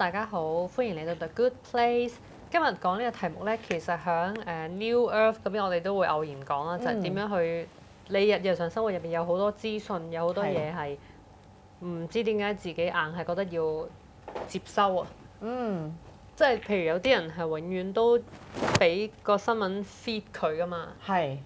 大家好，歡迎嚟到 The Good Place。今日講呢個題目呢，其實喺 New Earth 嗰邊，我哋都會偶然講啦，嗯、就係點樣去你日日常生活入邊有好多資訊，有好多嘢係唔知點解自己硬係覺得要接收啊。嗯，即係譬如有啲人係永遠都俾個新聞 feed 佢㗎嘛。係。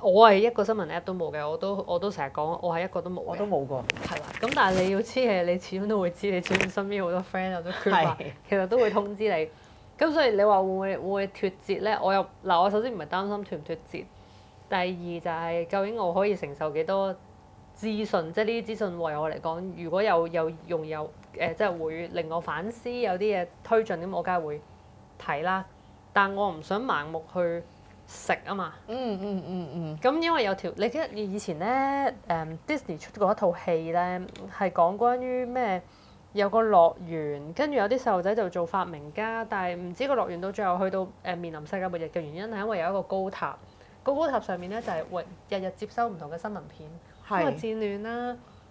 我係一個新聞 App 都冇嘅，我都我都成日講，我係一個都冇。我都冇過。係啦。咁但係你要知嘅，你始終都會知，你身邊好多 friend 有啲變化，其實都會通知你。咁所以你話會唔會 會脱節咧？我又嗱，我首先唔係擔心脱唔脱節。第二就係、係、究竟我可以承受幾多資訊？即係呢啲資訊為我嚟講，如果有有用有誒，即係、呃就係、會令我反思，有啲嘢推進，咁我梗係會睇啦。但我唔想盲目去。食啊嘛，嗯嗯嗯嗯。咁、嗯嗯嗯、因為有條，你記得你以前咧，誒、嗯、Disney 出過一套戲咧，係講關於咩有個樂園，跟住有啲細路仔就做發明家，但係唔知個樂園到最後去到誒、呃、面臨世界末日嘅原因係因為有一個高塔，高、那個、高塔上面咧就係為日日接收唔同嘅新聞片，是因為戰亂啦、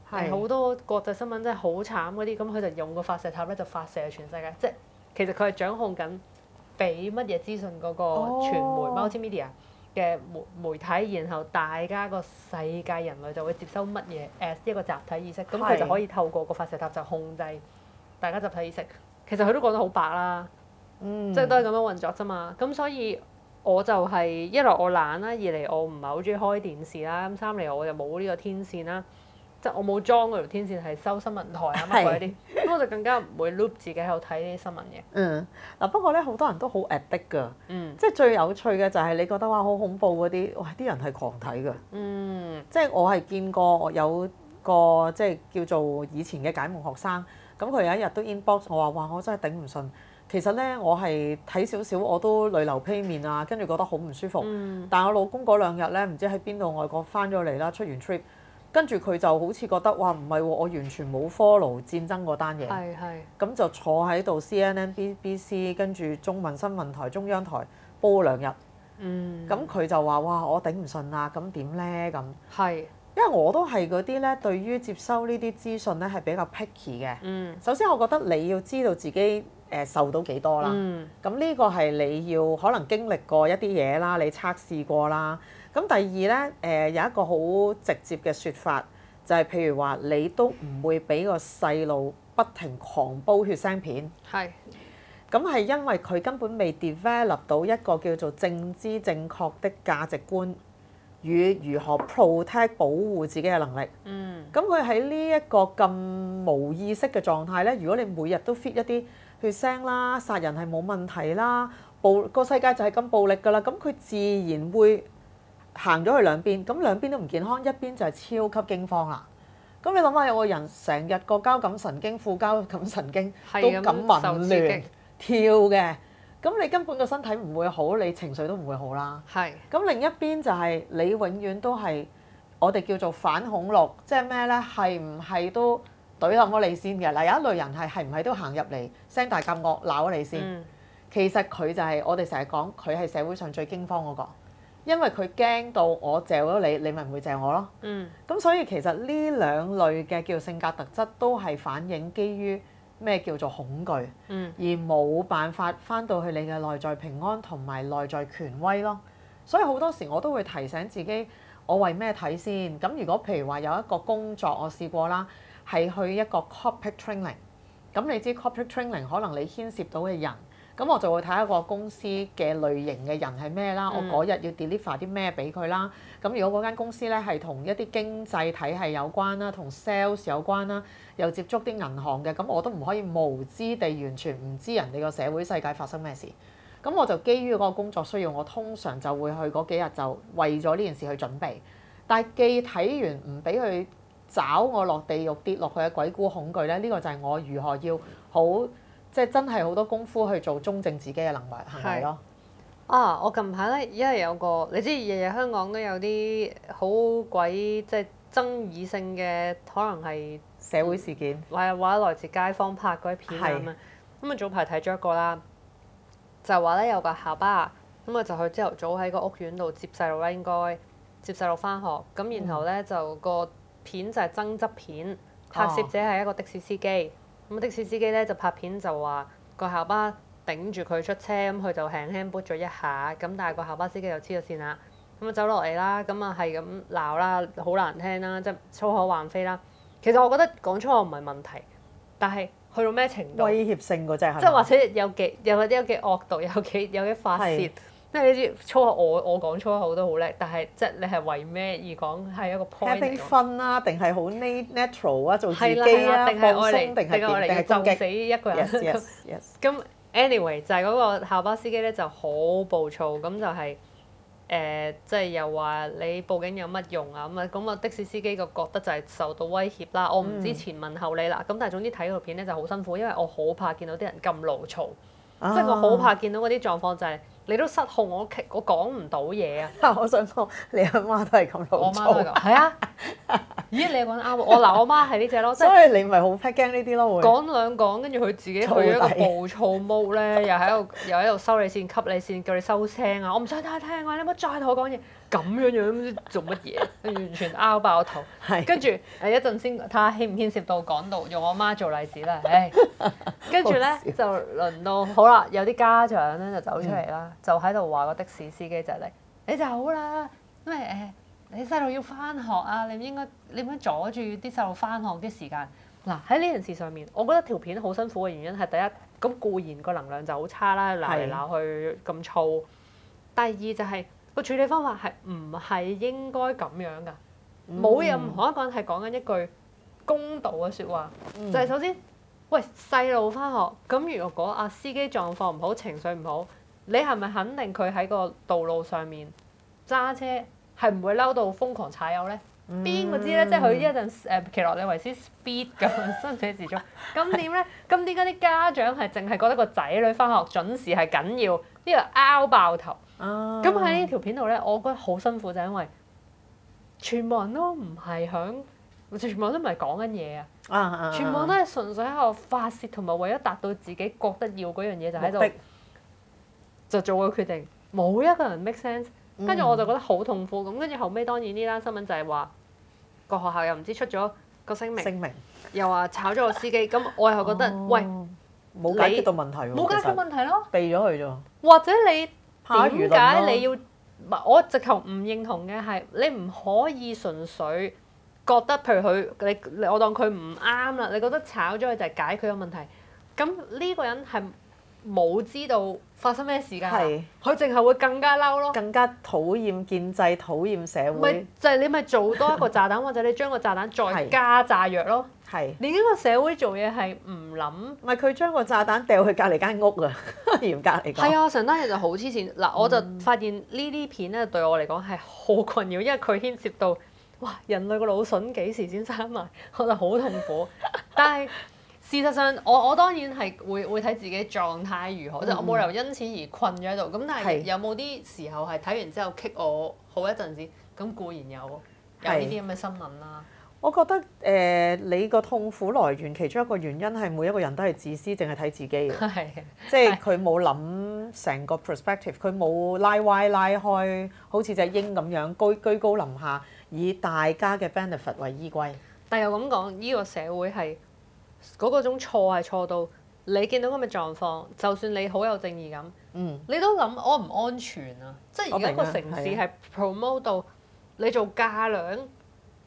啊，好是多國際新聞真係好慘嗰啲，咁佢就用個發射塔咧就發射全世界，即係其實佢係掌控緊。俾乜嘢資訊嗰個傳媒、oh. （multimedia） 嘅媒媒體，然後大家個世界人類就會接收乜嘢？誒一個集體意識，咁佢是就可以透過個發射塔就控制大家集體意識。其實佢都講得好白啦，mm. 即係都係咁樣運作啫嘛。咁所以我就係一嚟我懶啦，二嚟我唔係好中意開電視啦，咁三嚟我就冇呢個天線啦。即係我冇裝嗰條天線係收新聞台啊乜鬼啲，咁是我就更加唔會 loop 自己喺度睇啲新聞嘅。嗯，嗱不過咧好多人都好 addict 㗎，即係最有趣嘅就係你覺得哇好恐怖嗰啲，哇啲人係狂睇㗎。嗯，mm. 即係我係見過有個即係叫做以前嘅解夢學生，咁佢有一日都 inbox 我話哇我真係頂唔順，其實咧我係睇少少我都淚流披面啊，跟住覺得好唔舒服。Mm. 但係我老公嗰兩日咧唔知喺邊度外國返咗嚟啦，出完 trip。跟住佢就好似覺得哇唔係喎，我完全冇 follow 戰爭嗰單嘢，係係咁就坐喺度 CNN、BBC 跟住中文新聞台、中央台播兩日，嗯，咁佢就話哇我頂唔順啊，咁點呢？咁，係因為我都係嗰啲咧，對於接收呢啲資訊咧係比較 picky 嘅，嗯，首先我覺得你要知道自己。誒受到幾多啦？咁呢、嗯、個係你要可能經歷過一啲嘢啦，你測試過啦。咁第二呢，誒、呃、有一個好直接嘅説法，就係、是、譬如話你都唔會俾個細路不停狂煲血腥片，係咁係因為佢根本未 develop 到一個叫做正知正確的價值觀與如何 protect 保護自己嘅能力。嗯。咁佢喺呢一個咁冇意識嘅狀態呢，如果你每日都 fit 一啲。血腥啦，殺人係冇問題啦，暴個世界就係咁暴力㗎啦，咁佢自然會行咗去兩邊，咁兩邊都唔健康，一邊就係超級驚慌啦。咁你諗下，有個人成日個交感神經、副交感神經都咁紊亂跳嘅，咁你根本個身體唔會好，你情緒都唔會好啦。係。咁另一邊就係你永遠都係我哋叫做反恐六，即係咩呢？係唔係都？懟落我你先嘅嗱，有一類人係係唔係都行入嚟聲大夾惡鬧我你先？嗯、其實佢就係、是、我哋成日講佢係社會上最驚慌嗰、那個，因為佢驚到我借咗你，你咪唔會借我咯。咁、嗯、所以其實呢兩類嘅叫性格特質都係反映基於咩叫做恐懼，嗯、而冇辦法翻到去你嘅內在平安同埋內在權威咯。所以好多時我都會提醒自己，我為咩睇先咁？如果譬如話有一個工作，我試過啦。係去一個 corporate training，咁你知 corporate training 可能你牽涉到嘅人，咁我就會睇一個公司嘅類型嘅人係咩啦。我嗰日要 deliver 啲咩俾佢啦。咁如果嗰間公司咧係同一啲經濟體系有關啦，同 sales 有關啦，又接觸啲銀行嘅，咁我都唔可以無知地完全唔知人哋個社會世界發生咩事。咁我就基於嗰個工作需要，我通常就會去嗰幾日就為咗呢件事去準備。但係既睇完唔俾佢。找我落地獄跌落去嘅鬼故恐懼咧，呢、這個就係我如何要好即係真係好多功夫去做中正自己嘅能為行為咯。是是是啊！我近排咧，因為有個你知，日日香港都有啲好鬼即係爭議性嘅，可能係社會事件，或者話來自街坊拍嗰啲片啊嘛。咁啊是，嗯、早排睇咗一個啦，就話咧有個校巴，咁、嗯、啊，就去朝頭早喺個屋苑度接細路啦，應該接細路返學咁，然後咧就個。嗯片就係爭執片，拍攝者係一個的士司機，咁啊、哦、的士司機咧就拍片就話個校巴頂住佢出車，咁佢就輕輕撥咗一下，咁但係個校巴司機就黐咗線啦，咁啊走落嚟啦，咁啊係咁鬧啦，好難聽啦，即、就、係、係、粗口橫飛啦。其實我覺得講粗口唔係問題，但係去到咩程度？威脅性嗰真係。即係或者有幾有或者有幾惡毒，有幾有啲發泄。即係你知粗口，我我講粗口都好叻，但係即係你係為咩而講？係一個 point。Having fun 定係好 native natural 啊？做司機啊，定係愛嚟定係愛嚟？就死一個人。咁、yes, yes , yes. anyway 就係嗰個校巴司機咧就好暴躁，咁就係誒即係又話你報警有乜用啊？咁啊咁啊的士司機就覺得就係受到威脅啦。嗯、我唔知前問後理啦，咁但係總之睇嗰片咧就好辛苦，因為我好怕見到啲人咁勞嘈。啊、即係我好怕見到嗰啲狀況，就係、是、你都失控我，我我講唔到嘢啊！我想講，你阿媽都係咁，我媽都係咁，係 啊？咦，你講得啱我嗱，我， 我媽係呢隻咯，所以你唔係好怕驚呢啲咯？會講兩講，跟住佢自己去一個暴躁模式咧，又喺度又喺度收你線、吸你線，叫你收聲啊！我唔想聽聽我，你冇再同我講嘢。咁樣樣做乜嘢， 完全拗爆頭。 跟住誒一陣先睇下牽唔牽涉到講到用我媽做例子啦。唉、欸，跟住呢， 呢，就輪到好啦，有啲家長咧就走出嚟啦，嗯、就喺度話個的士司機就嚟，你走啦，咩？為、欸、你細路要翻學啊，你唔應該點樣阻住啲細路翻學啲時間？嗱，喺呢件事上面，我覺得條片好辛苦嘅原因係第一，咁固然個能量就好差啦，鬧嚟鬧去咁躁；第二就係、是。個處理方法係唔係應該咁樣㗎？冇任何一個人係講緊一句公道嘅説話。就係首先，喂細路返學，咁如果啊司機狀況唔好，情緒唔好，你係咪肯定佢喺個道路上面揸車係唔會嬲到瘋狂踩油咧？邊、嗯、個知咧？即係佢一陣誒、呃、奇洛李維斯 speed 咁生死時速，咁點咧？咁點解啲家長係淨係覺得個仔女返學準時係緊要，呢個拗爆頭？咁喺呢條片度咧，我覺得好辛苦，就因為全部人都唔係響，全部都唔係講緊嘢啊，啊全部都係純粹喺度發洩，同埋為咗達到自己覺得要嗰樣嘢，就喺度就做個決定，冇一個人 make sense。跟住我就覺得好痛苦。咁跟住後尾，當然呢單新聞就係話個學校又唔知出咗個聲明，聲明又話炒咗個司機。咁我又覺得、哦、喂，冇解決到問題，冇你解決到問題咯，避咗佢咋？或者你？點解你要？我直頭唔認同嘅係，你唔可以純粹覺得，譬如佢，你我當佢唔啱啦，你覺得炒咗佢就係解決個問題，咁呢個人係。冇知道發生咩事㗎、啊，佢淨係會更加嬲咯，更加討厭建制，討厭社會。咪就係、是、你咪做多一個炸彈， 或者你將個炸彈再加炸藥咯。係是，你呢個社會做嘢係唔諗。咪佢將個炸彈掉去隔離間屋啊，嚴格嚟講。係啊，成單嘢就好黐線。嗱，我就發現呢啲片咧對我嚟講係好困擾，因為佢牽涉到哇人類個腦筍幾時先生埋，我就好痛苦。但係。 事實上，我我當然係會會睇自己狀態如何，即、嗯、我冇理由因此而困咗喺度。咁但係有冇啲時候係睇完之後棘我好一陣子？咁固然有，有呢啲咁嘅新聞啦、啊。我覺得誒、呃，你個痛苦來源其中一個原因係每一個人都係自私，淨係睇自己。係是。即係佢冇諗成個 perspective，佢冇拉歪拉開，好似隻鷹咁樣居居高臨下，以大家嘅 benefit 為依歸。但又咁講，呢、這個社會係。嗰個種錯係錯到你見到咁嘅狀況，就算你好有正義感，嗯，你都諗安唔安全啊！即係而家個城市係 promote 到你做嫁倆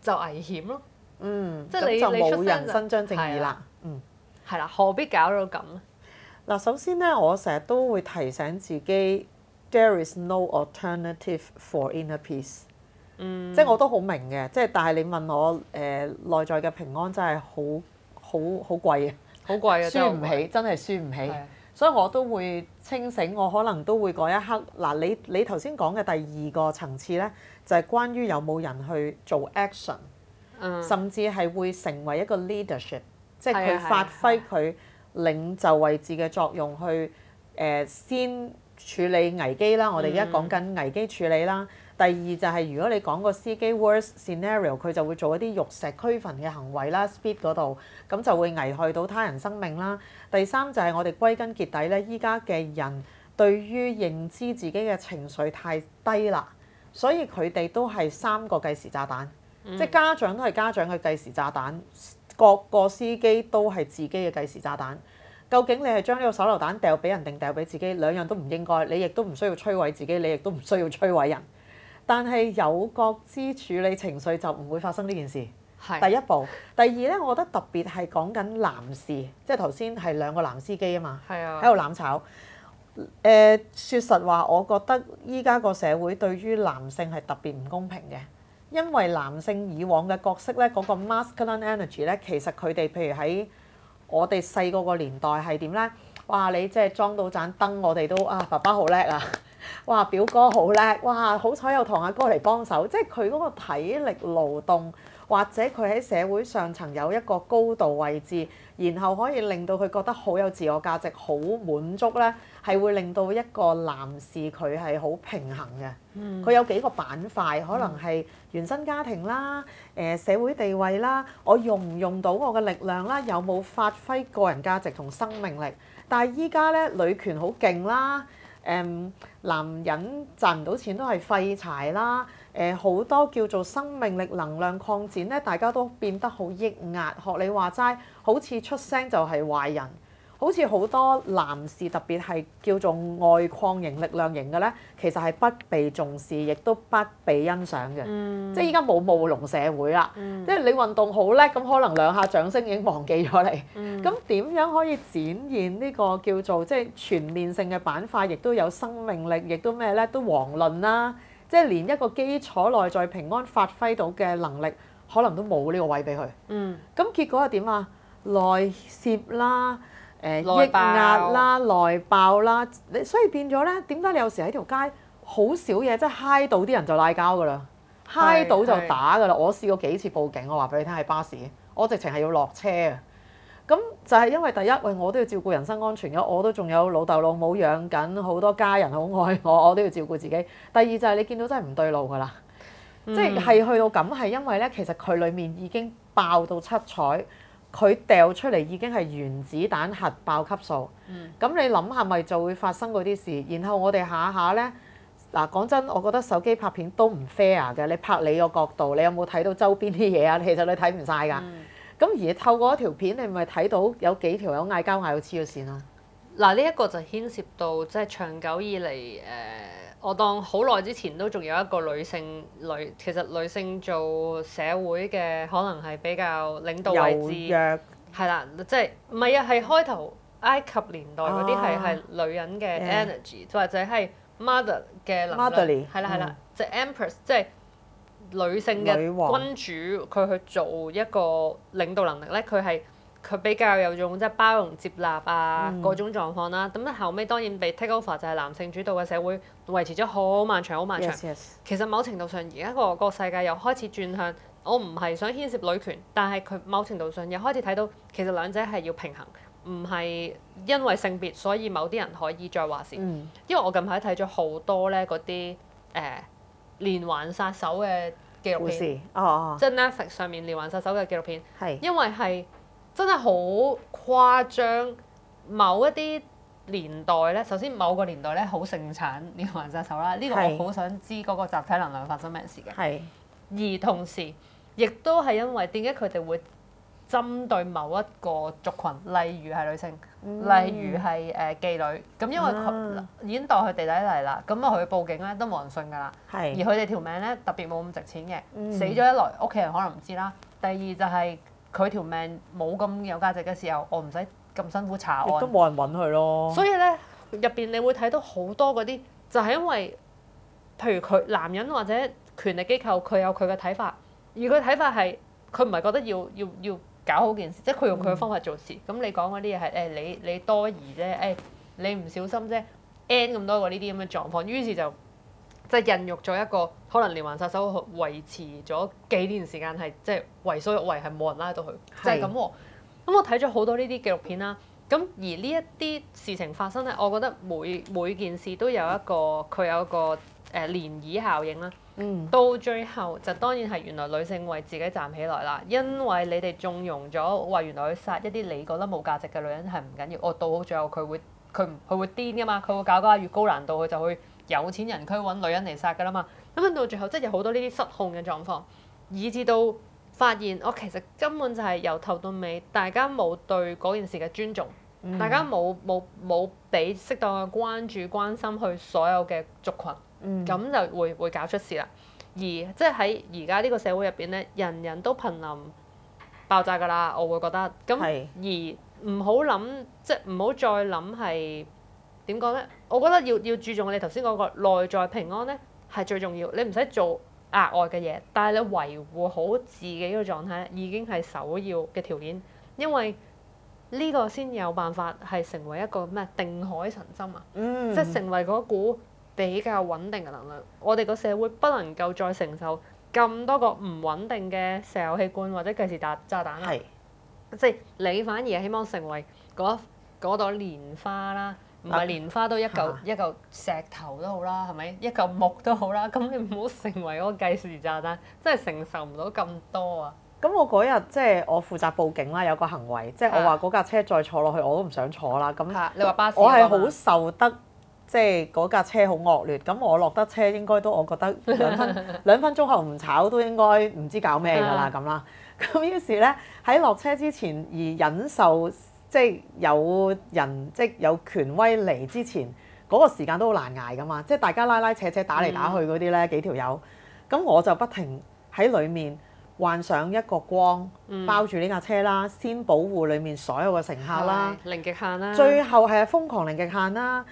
就危險咯。嗯，即係你就冇人伸張正義啦。嗯，係啦、啊啊，何必搞到咁？嗱，首先咧，我成日都會提醒自己，There is no alternative for inner peace。嗯，即係我都好明嘅，即係但係你問我誒、呃、內在嘅平安真係好。好好貴啊！好貴啊，輸唔起，真係輸唔起。的所以我都會清醒。我可能都會嗰一刻嗱，你你頭先講嘅第二個層次呢，就係、是、關於有冇人去做 action，、嗯、甚至係會成為一個 leadership，即係佢發揮佢領袖位置嘅作用去誒的、呃、先處理危機啦。我哋而家講緊危機處理啦。嗯嗯。第二就係如果你講個司機 worst scenario，佢就會做一啲玉石俱焚嘅行為啦，speed 嗰度，咁就會危害到他人生命啦。第三就係我哋歸根結底呢，依家嘅人對於認知自己嘅情緒太低啦，所以佢哋都係三個計時炸彈，嗯、即係家長都係家長嘅計時炸彈，各個司機都係自己嘅計時炸彈。究竟你係將呢個手榴彈掉俾人定掉俾自己？兩樣都唔應該，你亦都唔需要摧毀自己，你亦都唔需要摧毀人。但係有覺知處理情緒就唔會發生呢件事。係是的 第一步。第二咧，我覺得特別係講緊男士，即係頭先係兩個男司機啊嘛。係啊。喺度攬炒。誒，說實話，我覺得依家個社會對於男性係特別唔公平嘅，因為男性以往嘅角色咧，嗰個 masculine energy 咧，其實佢哋譬如喺我哋細個個年代係點咧？哇！你即係裝到盞燈，我哋都啊，爸爸好叻啊！哇！表哥好叻，哇！好彩有堂阿哥嚟幫手，即係佢嗰個體力勞動，或者佢喺社會上層有一個高度位置，然後可以令到佢覺得好有自我價值，好滿足呢，係會令到一個男士佢係好平衡嘅。嗯，佢有幾個板塊，可能係原生家庭啦、呃，社會地位啦，我用唔用到我嘅力量啦，有冇發揮個人價值同生命力？但係依家呢，女權好勁啦。誒、um, 男人賺唔到錢都係廢柴啦！誒、呃、好多叫做生命力能量擴展咧，大家都變得好抑壓，學你話齋，好似出聲就係壞人。好似好多男士，特別係叫做外擴型、力量型嘅呢，其實係不被重視，亦都不被欣賞嘅。嗯、即係依家冇務農社會啦。嗯、即係你運動好叻，咁可能兩下掌聲已經忘記咗你。嗯。咁點樣可以展現呢個叫做即係、就是、全面性嘅板塊，亦都有生命力，亦都咩呢？都遑論啦、啊。即係連一個基礎內在平安發揮到嘅能力，可能都冇呢個位俾佢。嗯。咁結果又點啊？內攝啦。呃、爆抑壓啦，內爆啦，你所以變咗呢？點解你有時喺條街好少嘢，即係嗨到啲人就拉交噶啦，是嗨到就打噶啦！是我試過幾次報警，我話俾你聽係巴士，我直情係要落車啊！咁就係因為第一，喂，我都要照顧人身安全嘅，我都仲有老豆老母養緊，好多家人好愛我，我都要照顧自己。第二就係你見到真係唔對路噶啦，即係、嗯、去到咁係因為呢，其實佢裡面已經爆到七彩。佢掉出嚟已經係原子彈核爆級數，咁、嗯、你諗係咪就會發生嗰啲事。然後我哋下下呢，嗱講真，我覺得手機拍片都唔 fair 嘅。你拍你個角度，你有冇睇到周邊啲嘢啊？其實你睇唔晒㗎。咁、嗯、而透過一條片，你咪睇到有幾條有嗌交嗌到黐咗線咯。嗱，呢一個就牽涉到即係、就是、長久以嚟誒。呃我當好耐之前都仲有一個女性女，其實女性做社會嘅可能係比較領導位置，係啦弱，即係唔係啊？係開頭埃及年代嗰啲係係女人嘅 energy，Yeah. 或者係 mother 嘅能力，係啦係啦，即係 empress，即係女性嘅君主，佢王去做一個領導能力咧，佢係。佢比較有種即係包容接納啊嗰、嗯、種狀況啦、啊，咁咧後尾當然被 take over 就係男性主導嘅社會維持咗好漫長好漫長。Yes, yes. 其實某程度上而家個個世界又開始轉向，我唔係想牽涉女權，但係佢某程度上又開始睇到其實兩者係要平衡，唔係因為性別所以某啲人可以再話事。嗯、因為我近排睇咗好多呢嗰啲誒連環殺手嘅紀錄片，哦即係、哦、Netflix 上面連環殺手嘅紀錄片，係是因為係。真係好誇張，某一啲年代呢，首先某個年代呢，好盛產連環殺手啦，呢、這個我好想知嗰個集體能量發生咩事嘅。是而同時，亦都係因為點解佢哋會針對某一個族群，例如係女性，嗯、例如係誒妓女，咁因為佢已經當佢地底泥啦，咁啊去報警呢，都冇人信㗎啦。而佢哋條命呢，特別冇咁值錢嘅，嗯、死咗一來，屋企人可能唔知啦。第二就係、是。佢條命冇咁有，有價值嘅時候，我唔使咁辛苦查案。都冇人揾佢咯。所以呢，入邊你會睇到好多嗰啲，就係、是、因為譬如佢男人或者權力機構，佢有佢嘅睇法，而佢睇法係佢唔係覺得要要要搞好件事，即係佢用佢嘅方法做事。咁、嗯、你講嗰啲嘢係誒你你多疑啫，誒、哎、你唔小心啫，end 咁多個呢啲咁嘅狀況，於是就。就孕育咗一個可能連環殺手，維持咗幾年時間，係即係為所欲為，係冇人拉到佢，就係咁喎。咁的我睇咗好多呢啲紀錄片啦。咁、啊、而呢一啲事情發生咧，我覺得每每件事都有一個佢有一個誒、呃、漣漪效應啦。嗯、到最後就當然係原來女性為自己站起來啦，因為你哋縱容咗，話原來去殺一啲你覺得冇價值嘅女人係唔緊要，我到最後佢會佢唔佢會癲㗎嘛，佢會搞得越高難度，佢就會。有錢人佢揾女人嚟殺㗎啦嘛，咁樣到最後即係有好多呢啲失控嘅狀況，以至到發現我、哦、其實根本就係由頭到尾大家冇對嗰件事嘅尊重，嗯、大家冇冇冇俾適當嘅關注關心去所有嘅族群，咁、嗯、就會會搞出事啦。而即係喺而家呢個社會入邊咧，人人都頻臨爆炸㗎啦，我會覺得咁是而唔好諗，即係唔好再諗係點講呢？我覺得要要注重你頭先講個內在平安咧，係最重要。你唔使做額外嘅嘢，但係你維護好自己嘅狀態已經係首要嘅條件。因為呢個先有辦法係成為一個咩定海神針啊！嗯，即係成為嗰股比較穩定嘅能量。我哋個社會不能夠再承受咁多個唔穩定嘅石油氣罐或者計時炸炸彈啦。是即係你反而希望成為嗰朵蓮花啦。唔係蓮花都一嚿、啊、一嚿石頭都好啦，係咪？一嚿木都好啦。咁你唔好成為嗰個計時炸彈，真係承受唔到咁多啊！咁我嗰日即係我負責報警啦，有個行為，即係我話嗰架車再坐落去我都唔想坐啦。咁，你話巴士我係好受得，即係嗰架車好惡劣。咁我落得車應該都，我覺得兩分 兩分鐘後唔炒都應該唔知搞咩㗎啦咁啦。咁的於是呢，喺落車之前而忍受。即係有人即係有權威嚟之前，嗰、那個時間都好難捱噶嘛。即係大家拉拉扯扯、打嚟打去嗰啲咧，嗯、幾條友。咁我就不停喺裏面幻想一個光、嗯、包住呢架車啦，先保護裏面所有嘅乘客啦。零極限啦、啊。最後係瘋狂零極限啦、啊。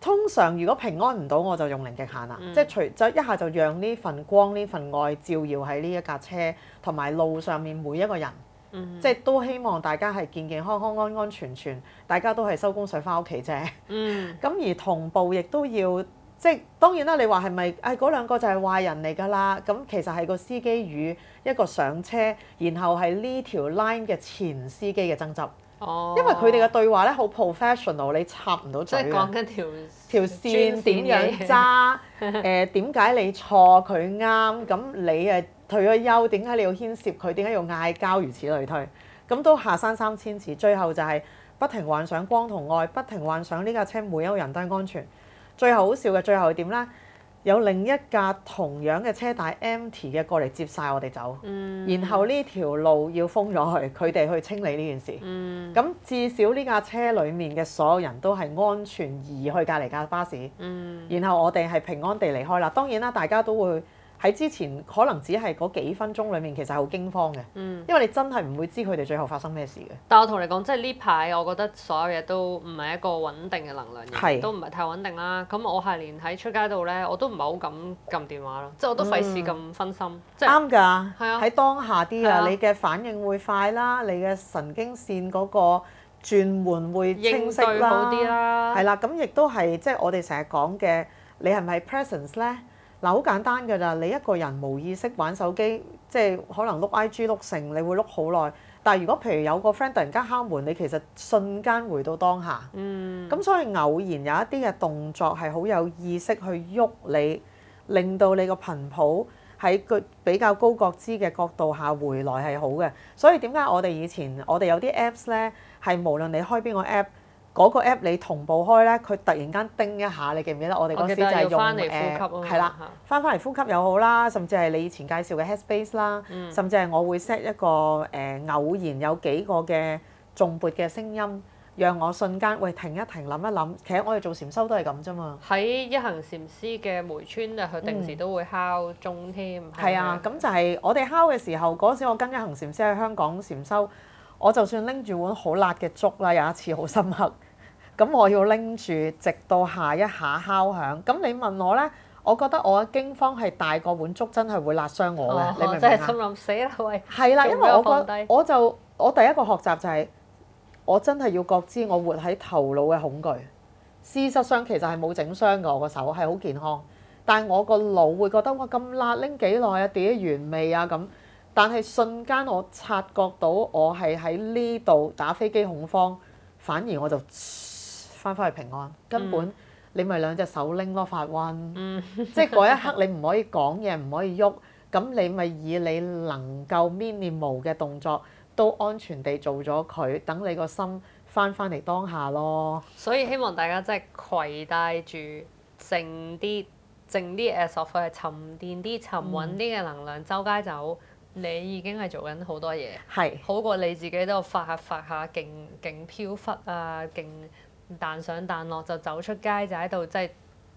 通常如果平安唔到，我就用零極限啦。嗯、即係除就一下就讓呢份光、呢份愛照耀喺呢一架車同埋路上面每一個人。嗯、即係都希望大家係健健康康、安安全全，大家都係收工水返屋企啫。咁、嗯、而同步亦都要，即係當然啦。你話係咪？唉、哎，嗰兩個就係壞人嚟㗎啦。咁、嗯、其實係個司機與一個上車，然後係呢條 line 嘅前司機嘅爭執。哦，因為佢哋嘅對話咧好 professional，你插唔到嘴。即係講緊條條線點專門 樣揸？誒、 呃，點解你錯佢啱？咁你誒？退咗休，點解你要牽涉佢？點解要嗌交？如此類推，咁都下山三千次。最後就係不停幻想光同愛，不停幻想呢架車每一個人都安全。最後好笑嘅，最後係點呢？有另一架同樣嘅車帶 empty 嘅過嚟接晒我哋走。嗯。然後呢條路要封咗佢，佢哋去清理呢件事。嗯。咁至少呢架車裡面嘅所有人都係安全而去隔離架巴士。嗯。然後我哋係平安地離開啦。當然啦，大家都會。喺之前可能只係嗰幾分鐘裡面，其實好驚慌嘅。嗯，因為你真係唔會知佢哋最後發生咩事嘅。嗯。但我同你講，即係呢排，我覺得所有嘢都唔係一個穩定嘅能量，量，係，都唔係太穩定啦。咁我係連喺出街度咧，我都唔係好敢撳電話咯，即係我都費事咁分心。啱㗎，喺當下啲啊，你嘅反應會快啦，你嘅神經線嗰個轉換會清晰好多啲啦，係啦、啊，咁亦都係即係我哋成日講嘅，你係咪 presence 咧？嗱，好簡單噶啦！你一個人無意識玩手機，即係可能碌 IG 碌成，你會碌好耐。但係如果譬如有個 friend 突然間敲門，你其實瞬間回到當下。嗯。咁所以偶然有一啲嘅動作係好有意識去喐你，令到你個頻譜喺個比較高覺知嘅角度下回來係好嘅。所以點解我哋以前我哋有啲 apps 咧，係無論你開邊個 app？嗰個 app 你同步開咧，佢突然間叮一下，你記唔記得我哋嗰時就係用翻嚟呼吸，誒，係啦，翻翻嚟呼吸又好啦，甚至係你以前介紹嘅 headspace 啦，甚至係我會 set 一個誒偶然有幾個嘅重撥嘅聲音，讓我瞬間喂停一停，諗一諗。其實我哋做禪修都係咁啫嘛。喺一行禪師嘅梅村啊，佢定時都會敲鐘添。係啊，咁就係我哋敲嘅時候，嗰時我跟一行禪師喺香港禪修，我就算拎住碗好辣嘅粥啦，有一次好深刻。咁我要拎住，直到下一下敲響。咁你問我咧，我覺得我驚慌係大過碗粥，真係會辣傷我嘅。你明唔明啊？哦，真係心諗死啦喂！係啦，因為我覺我就我第一個學習就係，我真係要覺知我活喺頭腦嘅恐懼。事實上其實係冇整傷㗎，我個手係好健康，但係我個腦會覺得我咁辣拎幾耐啊？點樣原味啊？咁但係瞬間我察覺到我係喺呢度打飛機恐慌，反而我就。翻返去平安，根本、嗯、你咪兩隻手拎咯，發瘟、嗯。 即係嗰一刻你唔可以講嘢，唔可以喐，咁你咪以，以你能夠 minimum 嘅動作，都安全地做咗佢。等你個心翻返嚟當下咯。所以希望大家真係攜帶住靜啲、靜啲，所謂沉澱啲、沉穩啲嘅能量、嗯、周街走，你已經係做緊好多嘢，係是好過你自己都發下發下，勁勁飄忽啊，勁～彈上彈落就走出街就喺度即係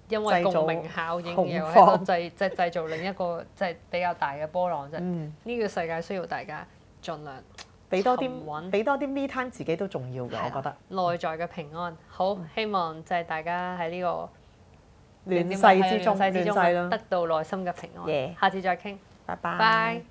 因為共鳴效應又喺度製即係製造另一個即係比較大嘅波浪啫。呢個世界需要大家盡量俾多啲，俾多啲 Me Time 自己都重要嘅，我覺得內在嘅平安好。希望即係大家喺呢個亂世之中，亂世之中得到內心嘅平安。下次再傾，拜拜。